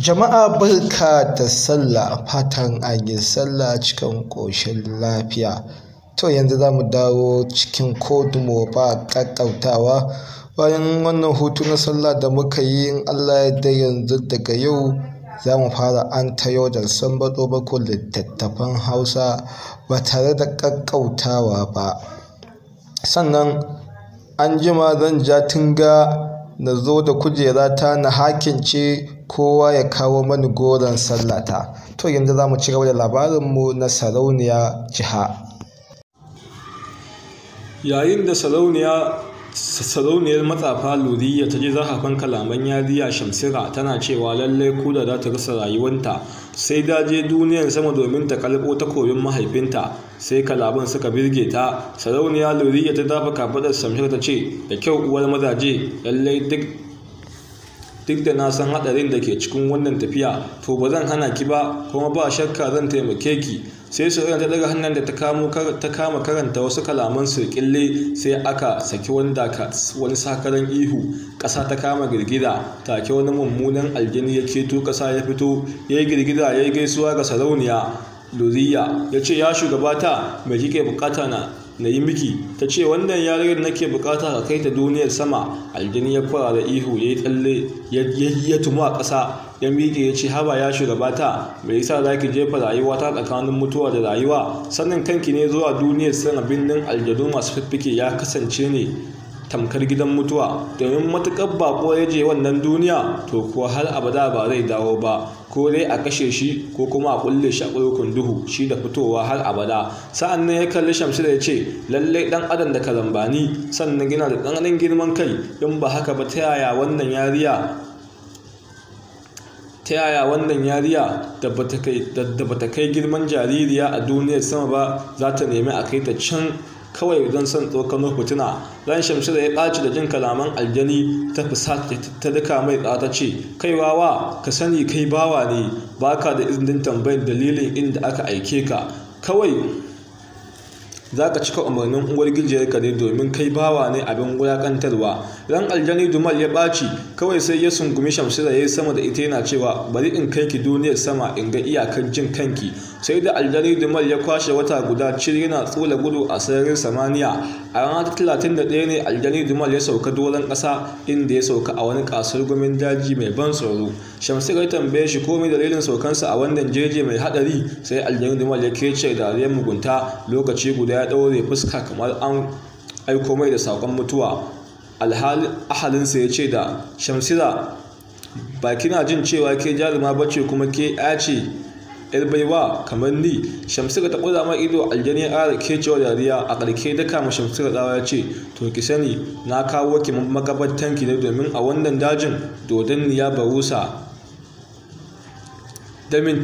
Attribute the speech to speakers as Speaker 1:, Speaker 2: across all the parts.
Speaker 1: Jama'a barka da sallah fatan an yi sallah cikin ƙoshin lafiya. To yanzu za mu dawo cikin kodumo ba ƙaƙƙautawa bayan wannan hutu na sallah da muka yi in Allah ya da yanzu daga yau za mu fara an ta yau da san bako littattafan Hausa ba tare da ƙaƙƙautawa ba. Sannan an jima zan ja tunga na zo da ta na hakince kowa ya kawo mani goron sallata to yanzu za mu ci gaba da labarinmu na sarauniya jiha yayin da sarauniya sarauniyar matsafa luriya ta ji zahafan kalaman yariya shamsira tana cewa lallai kuda za ta rasa rayuwanta sai daje duniyar sama domin ta kalbo ta koyon mahaifinta sai kalaban suka birge ta sarauniya luriya ta dafa kafadar samshar ta ce da kyau uwar mazaje lallai duk duk da na san hadarin da ke cikin wannan tafiya to ba zan hana ki ba kuma ba shakka zan taimake ki sai su ta daga hannun da ta kama karanta wasu kalaman su kille sai aka saki wanda ka wani sakaran ihu ƙasa ta kama girgida take wani mummunan aljini ya ceto ƙasa ya fito ya yi girgida ya yi gaisuwa ga sarauniya luriya ya ce ya shugabata mai kike bukata na na yi miki ta ce wannan yarinyar nake bukata ka kai ta duniyar sama aljini ya kwara da ihu ya yi tsalle ya tumu a ƙasa ya miƙe ya ce haba ya shugabata mai yasa za ki jefa rayuwa ta tsakanin mutuwa da rayuwa sannan kanki ne zuwa duniyar abin birnin aljadu masu fiffike ya kasance ne tamkar gidan mutuwa domin matuƙar baƙo ya je wannan duniya to kuwa har abada ba zai dawo ba ko dai a kashe shi ko kuma a kulle shi a duhu shi da fitowa har abada sa'an nan ya kalli shamsu da ya ce lallai ɗan adam da kalambani sannan gina da ɗanɗan girman kai in ba haka ba ta yaya wannan yariya ta yaya wannan yariya da bata kai girman jaririya a duniyar sama ba za ta nemi a kai ta can kawai don son tsokano fituna ran da ya ɓaci da jin kalaman aljani ta fusata ta duka mai tsata ce kai wawa ka sani kai bawa ne ba ka da izinin tambayin dalilin inda aka aike ka kawai za ka cika umarnin ka ne domin kai bawa ne abin wulakantarwa ran aljani dumal ya ɓaci kawai sai ya sungumi shamsira ya yi sama da ita yana cewa bari in kai ki duniyar sama in ga iyakar jin kanki sai da aljari dumal ya kwashe wata guda ciri yana tsola gudu a sararin samaniya a ranar ɗaya ne aljari dumal ya sauka doron ƙasa inda ya sauka a wani kasar gumin daji mai ban tsoro shamsira ya tambaye shi komai dalilin saukansa a wannan jeje mai haɗari sai aljari dumal ya kece dariyar mugunta lokaci guda ya ɗaure fuska kamar an aiko mai da saƙon mutuwa alhalin ahalinsa ya ce da shamsira ba kina jin cewa ke jaruma bace kuma ke ya ce yar baiwa kamar ni shamsira ta ƙura ma ido aljani ya ke cewa dariya a ƙarke da kama shamsira dawa ya ce to ki sani na kawo ki makabartan ki domin a wannan dajin dodon ya barusa damin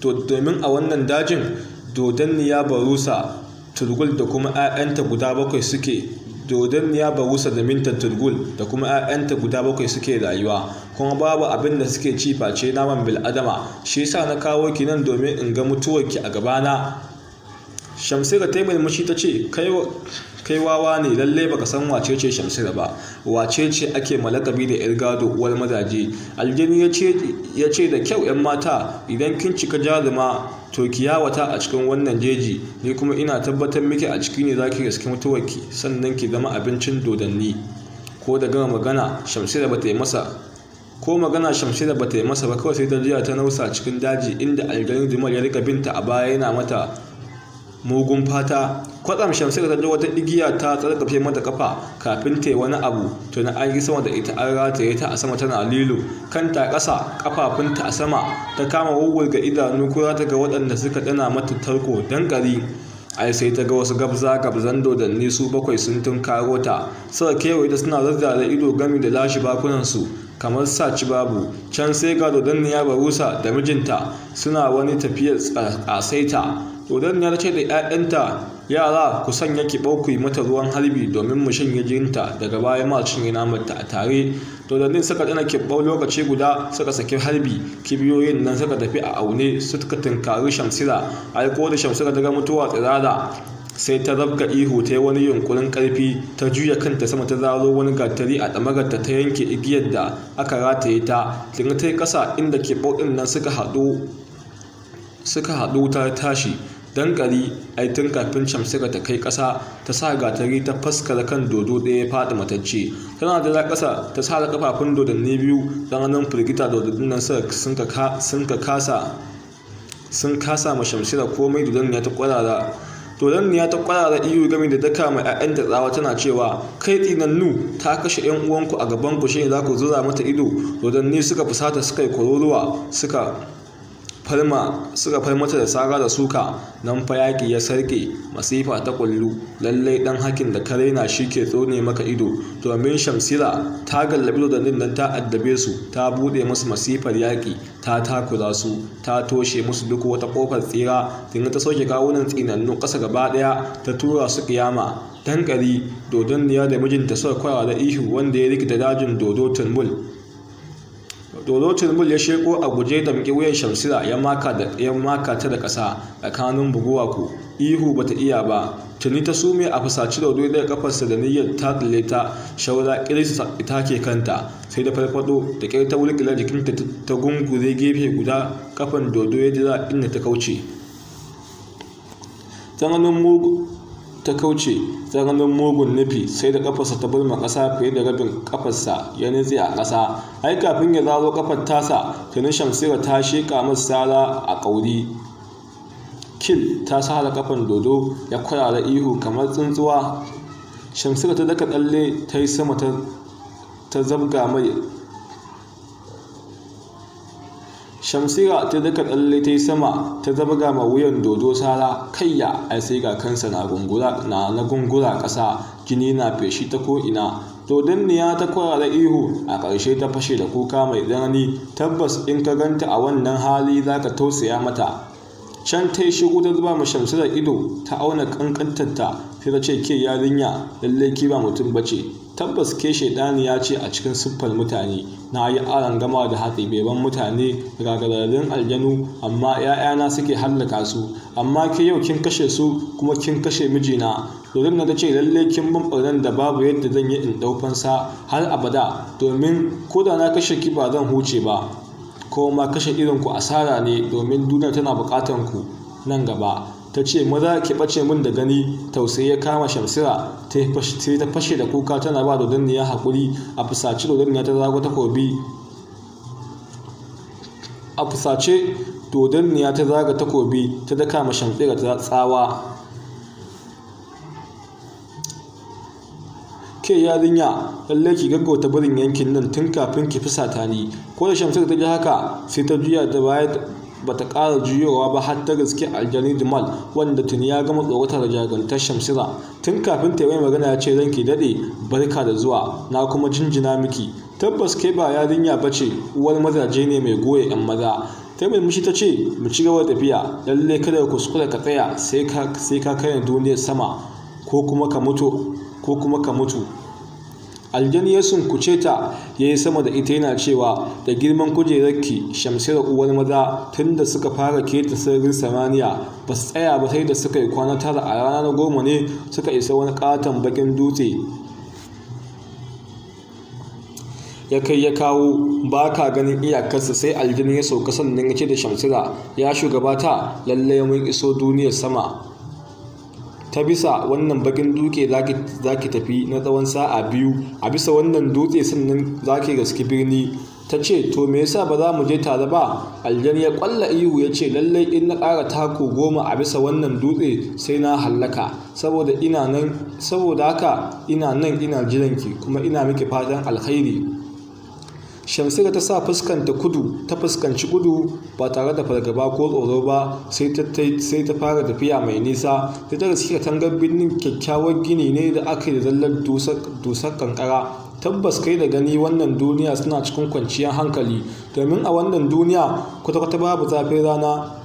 Speaker 1: domin a wannan dajin dodon ya barusa turgul da kuma 'ya'yanta guda bakwai suke dodon ya barusa da mintar turgul da kuma 'ya'yanta guda bakwai suke rayuwa kuma babu abin da suke ci face naman bil'adama shi yasa na kawo ki nan domin in ga mutuwarki a gabana shamsira ta mashi ta ce kai kai wawa ne lalle baka san wace ce shamsira ba wace ce ake malakabi da yar gado uwar mazaje aljani ya ce da kyau yan mata idan kin cika jaruma to ki yawata a cikin wannan jeji ni kuma ina tabbatar miki a ciki ne zaki gaske mutuwarki sannan ki zama abincin dodanni ko da gama magana shamsira ta yi masa ko magana shamsira ta yi masa ba kawai sai ta jiya ta nausa cikin daji inda aljani dumar ya rika binta a baya yana mata mugun fata kwatsam shamsu ta wata igiya ta tsarkafe mata kafa kafin ta wani abu to na an yi sama da ita an rataye ta a sama tana lilo kanta ƙasa kafafunta a sama ta kama ga idanu kura ta ga waɗanda suka dana mata tarko dan gari ai sai ta ga wasu gabza gabzan dodanni su bakwai sun tun karo ta suka kewaye da suna zazzare ido gami da lashe bakunansu kamar saci babu can sai ga ya barusa da mijinta suna wani tafiyar a saita Udan ya ce da 'ya'yanta yara ku sanya ki ɓauku mata ruwan harbi domin mu shanye jinta daga bayan ma cinye namarta a tare to suka nin suka ɓau lokaci guda suka saki harbi kibiyoyin nan suka tafi a aune suka tunkari shamsira aiko da shamsira daga mutuwa tsirara sai ta rabka ihu ta yi wani yunkurin karfi ta juya kanta sama ta zaro wani gatari a ɗamagarta ta yanke igiyar da aka rataye ta tuni ta yi ƙasa inda kibbau ɗin nan suka haɗu suka haɗu ta tashi dankali ai tun kafin shamsira ta kai kasa ta sa gatari ta faskara kan dodo ɗaya ya faɗi matacce tana da kasa ta sa kafafun dodanni biyu ranar firgita dodon nan sun ka kasa sun kasa ma shamsira komai dodon ya ta kwarara dodon ya ta kwarara iyo gami da daka mai 'ya'yanta tsawa tana cewa kai nu ta kashe 'yan uwanku a gaban ku shine za ku zura mata ido ne suka fusata suka yi kororuwa suka falma suka falmata da sara da suka nan fa yaƙi ya sarƙe masifa ta kullu lallai dan hakin da ka na shi ke tsone maka ido domin shamsira ta gallabi da nan ta addabe su ta bude musu masifar yaƙi ta takura su ta toshe musu duk wata kofar tsira tun ta sauke kawunan tsinannu kasa gaba daya ta tura su kiyama kari dodon niya da mijinta suka kwara da ihu wanda ya rikita dajin dodo tunmul dodo mul ya sheko a guje da muke wuyan shamsira ya maka ta da ƙasa tsakanin buguwa ku ihu ba ta iya ba tuni ta sume a fusaci da wuri daga kafarsa da niyyar ta tsalle ta shaura ita ke kanta sai da farfado da kai ta wulgila jikinta ta gungure gefe guda kafan dodo ya jira inda ta kauce tsananin ta kauce tsananin mugun nufi sai da kafarsa ta bulma ƙasa fiye da rabin kafarsa ya nutse a ƙasa ai kafin ya zaro kafar tasa tuni shamsira ta sheƙa masa sara a ƙauri kil ta sara kafan dodo ya kwarara ihu kamar tsuntsuwa shamsira ta daka tsalle ta yi sama ta zabga mai shamsira ta daka tsalle ta yi sama ta zabga ma wuyan dodo sara kayya a sai ga kansa na gungura na ƙasa jini na feshi ta ko'ina dodanniya ta kwarara ihu a ƙarshe ta fashe da kuka mai tsanani tabbas in ka ganta a wannan hali za ka tausaya mata can ta yi shigo ta zuba ma da ido ta auna kankantarta sai ta ce ke yarinya lallai ki ba mutum bace tabbas ke shaidani ya ce a cikin siffar mutane na yi aran gama da hatsi beban mutane ragararrun aljanu amma ‘ya'yana suke hallaka su amma ke yau kin kashe su kuma kin kashe mijina domin na ta ce lallai kin ɓarnan da babu yadda zan yi in ɗaufansa har abada domin ko da na kashe ki ba zan huce ba ko ma kashe ku asara ne domin duniya tana buƙatar ku nan gaba ta ce maza ki ɓace min da gani tausayi ya kama shamsira sai ta fashe da kuka tana ba ya haƙuri a fusace dodanniya ta zago takobi a fusace ya ta zaga takobi ta daka ma shamsira ta tsawa ke yarinya lalle ki gaggauta barin yankin nan tun kafin ki ta ni ko da shamsar ta ji haka sai ta juya da baya ba ta kara juyowa ba har ta gaske aljani jumal wanda tuni ya gama tsorata da jagantar shamsira tun kafin ta yi magana ya ce ki daɗe barka da zuwa na kuma jinjina miki tabbas kai ba yarinya ba ce uwar mazaje ne mai goye 'yan maza ta mushi ta ce mu ci gaba tafiya lallai kada ka kuskura ka tsaya sai ka kai duniyar sama ko kuma ka mutu aljani ya sunkuce ta ya yi sama da ita yana cewa da girman kujerar kujerarki shamsira uwar maza tun da suka fara keta sararin samaniya ba su tsaya ba sai da suka yi kwana tara a rana na goma ne suka isa wani katon bakin dutse ya kai ya kawo ba ka ganin iyakarsa sai aljini ya sauka sannan ya ce da shamsira ya shugabata lallai mun iso duniyar sama ta bisa wannan bakin duke za ki tafi na tsawon sa'a biyu a bisa wannan dutse sannan za ki gaske birni ta ce to me yasa ba za mu je tare ba aljan ya kwalla ihu ya ce lallai in na ƙara tako goma a bisa wannan dutse sai na hallaka saboda saboda haka ina nan ina jiranki kuma ina miki fatan alkhairi shamsira ta sa fuskanta kudu ta fuskanci kudu ba tare da fargaba ko tsoro ba sai ta fara tafiya mai nisa ta ta suke tangar birnin kyakkyawar gini ne da aka yi da zallar dusar kankara tabbas kai da gani wannan duniya suna cikin kwanciyar hankali domin a wannan duniya kwata-kwata babu zafin rana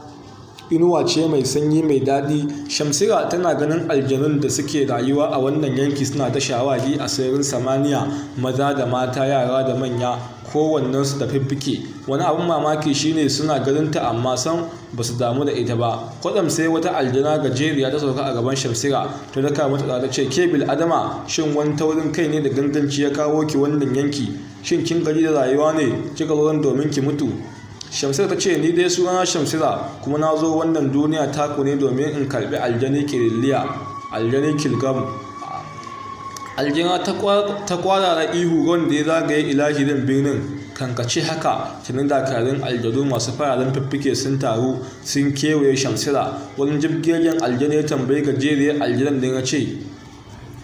Speaker 1: inuwa ce mai sanyi mai daɗi shamsira tana ganin aljanun da suke rayuwa a wannan yanki suna ta shawagi a sararin samaniya maza da mata yara da manya kowannen su tafi wani abin mamaki shine suna garinta amma san ba su damu da ita ba kwadam sai wata aljana gajeriya ta sauka a gaban shamsira ta daka mata ta ce ke bil adama shin wani taurin kai ne da ganganci ya kawo ki wannan yanki shin kin gari da rayuwa ne kika zo domin ki mutu shamsira ta ce ni dai sunana shamsira kuma na zo wannan duniya taku ne domin in karbi aljani kirilliya aljani kilgam aljina ta kwarara ihu wanda ya zagaye ilahirin birnin kankace haka tunan dakarun aljadu masu fararen fiffike sun taru sun kewaye shamsira wani jibgirgin aljana ya tambayi gajeriyar aljadan da ya ce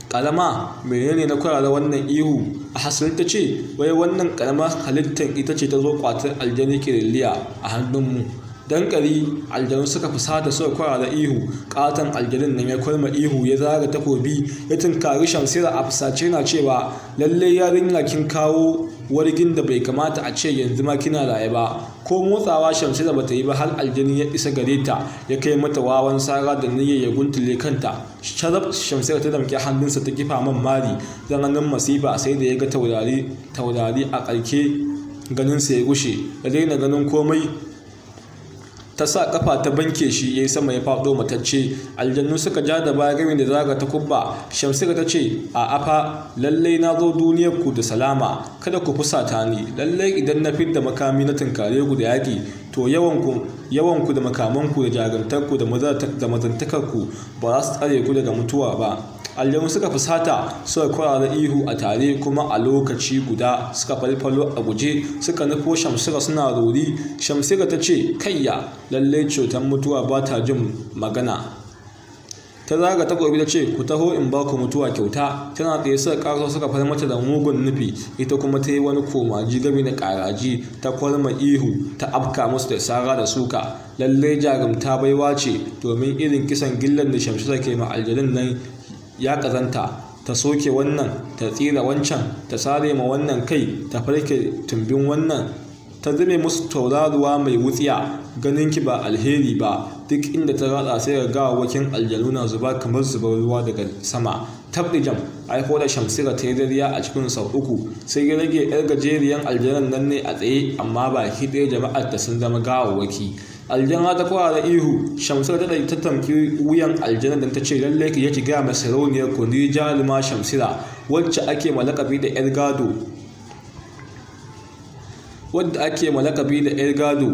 Speaker 1: karama menene na kwarara wannan ihu a hasar ta ce wai wannan karamar halittar ita ce ta zo kwatar aljani kiriliya a hannunmu dankari aljanu suka fusata suka kwara da ihu katon aljanin nan ya kwalma ihu ya zaga takobi ya tunkari shamsira a fusace na cewa lalle yarinya kin kawo wargin da bai kamata a ce yanzu ma kina raye ba ko motsawa shamsira ta yi ba har aljanun ya isa gare ta ya kai mata wawan sara da niyyar ya guntule kanta sharaf shamsira ta damke hannunsa ta kifa man mari zananin masifa sai da ya ga taurari a ƙarke ganinsa ya gushe ya daina ganin komai ta sa kafa ta banke shi ya yi sama ya faɗo matacce aljannu suka ja da baya gami da zaga ta kubba shamsira ta ce a afa lallai na zo duniyar ku da salama kada ku fusata ni lallai idan na fidda makami na tunkare ku da yaƙi to yawan ku da makamanku da jagantarku da mazantakarku ba za su tsare ku daga mutuwa ba aljanu suka fusata suka kwarara ihu a tare kuma a lokaci guda suka falfalo a guje suka nufo shamsira suna rori shamsira ta ce kayya lallai cutar mutuwa ba ta jin magana ta zaga ta gobe ta ce ku taho in ba ku mutuwa kyauta tana tsaye suka karo suka far mata da mugun nufi ita kuma ta yi wani komaji gami na karaji ta kwarma ihu ta afka musu da sara da suka lallai jarumta baiwa ce domin irin kisan gillan da shamsu ke ma aljanin nan ya ƙazanta ta soke wannan ta tsira wancan ta sare ma wannan kai ta farke tumbin wannan ta zame musu tauraruwa mai wutsiya ganin ki ba alheri ba duk inda ta ratsa sai ga gawawakin aljanu na zuba kamar zubar ruwa daga sama jam aiko da shamsira ta yi dariya a cikin sau uku sai ya rage yar gajeriyar aljanan nan ne a tsaye amma baki ɗaya jama'ar da sun zama gawawaki aljana ta kwara ihu shamsar ta ta tamki wuyan aljana dan ta ce lalle ki yake ga masarauniyar ku ni jaluma shamsira wacce ake malakabi da elgado wadda ake malakabi da yar gado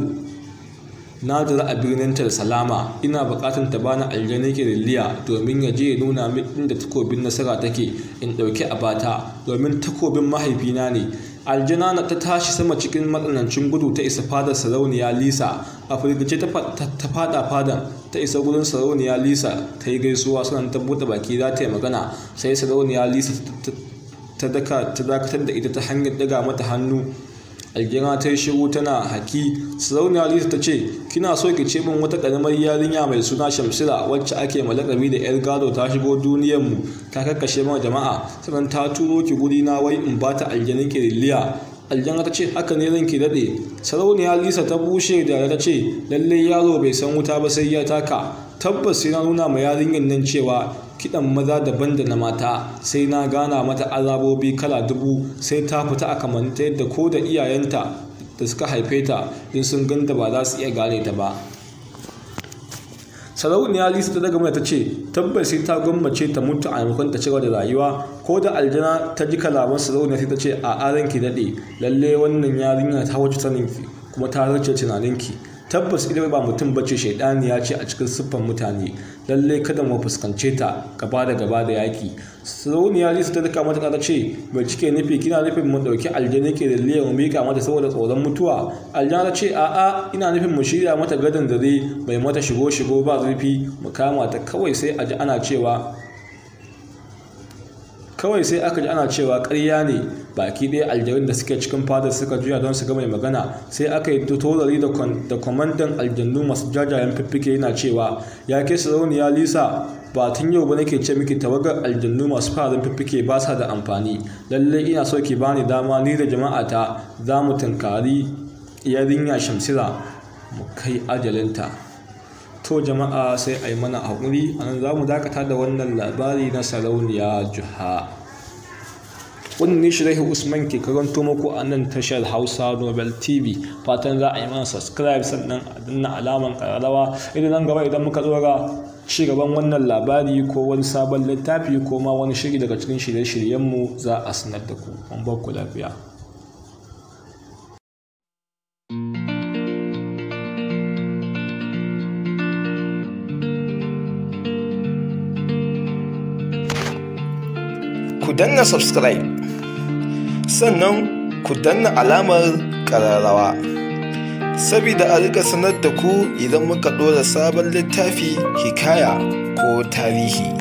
Speaker 1: na zara a birnin salama ina bukatun ta bani aljanna ke liliya domin ya je nuna min inda takobin nasara take in ɗauki abata domin takobin mahaifina ne aljana na ta tashi sama cikin matsanancin gudu ta isa fadar sarauniya lisa a firgice ta fada fadan ta isa gudun sarauniya lisa ta yi gaisuwa sannan ta buɗe baki za ta yi magana sai sarauniya lisa ta dakatar da ita ta hanyar daga mata hannu algira ta yi shiru tana haki sarauniya lisa ta ce kina so ki ce min wata karamar yarinya mai suna shamsira wacce ake malakabi da yar gado ta shigo duniyar mu ta karkashe mana jama'a sannan ta turo ki guri na wai in ba bata aljanin kiriliya aljanga ta ce haka ne zan ki daɗe sarauniya lisa ta bushe da ta ce lallai yaro bai san wuta ba sai ya taka tabbas sai na nuna ma yarinyar nan cewa kiɗan maza daban da na mata sai na gana mata azabobi kala dubu sai ta fita a kamanta yadda ko da iyayenta da suka haife ta in sun ganta ba za su iya gane ta ba sarauniya lisa ta daga mai ta ce tabbas sai ta gwammace ta mutu a maimakon ta cewa da rayuwa ko da aljana ta ji kalaman sarauniya sai ta ce a aranki daɗe lalle wannan yarinya ta wuce ki kuma ta race tunaninki tabbas idan ba mutum bace shaidani ya ce a cikin siffan mutane lalle kada mu fuskance ta gaba da gaba da yaki sarauniya lisa ta daka mata ta ce bai cike nufi kina nufin mu dauki aljanna ke da liya mu mika mata saboda tsoron mutuwa aljanna ta ce a'a ina nufin mu shirya mata gadon dare mai mata shigo shigo ba zurfi mu kama ta kawai sai a ana cewa kawai sai aka ji ana cewa karya ne baki dai aljarin da suke cikin fadar suka juya don su ga magana sai aka yi tolari da kwamandan aljannu masu jajayen fiffike yana cewa ya ke sarauniya lisa ba tun yau ba nake ce miki tawagar aljannu masu fararen fiffike ba sa da amfani lallai ina so ki bani dama ni da jama'ata za mu tunkari yarinya shamsira mu kai ajalinta to jama'a sai a mana haƙuri a nan za mu dakata da wannan labari na sarauniya juha wannan ne shirya usman ke karanto muku a nan tashar hausa nobel tv fatan za a yi mana subscribe sannan a danna alaman kararrawa idan nan gaba idan muka tsora ci wannan labari ko wani sabon littafi ko ma wani shiri daga cikin shirye-shiryenmu za a sanar da ku an ku lafiya ku danna subscribe sannan ku danna alamar ƙararrawa sabida a rika sanar da ku idan muka ɗora sabon littafi hikaya ko tarihi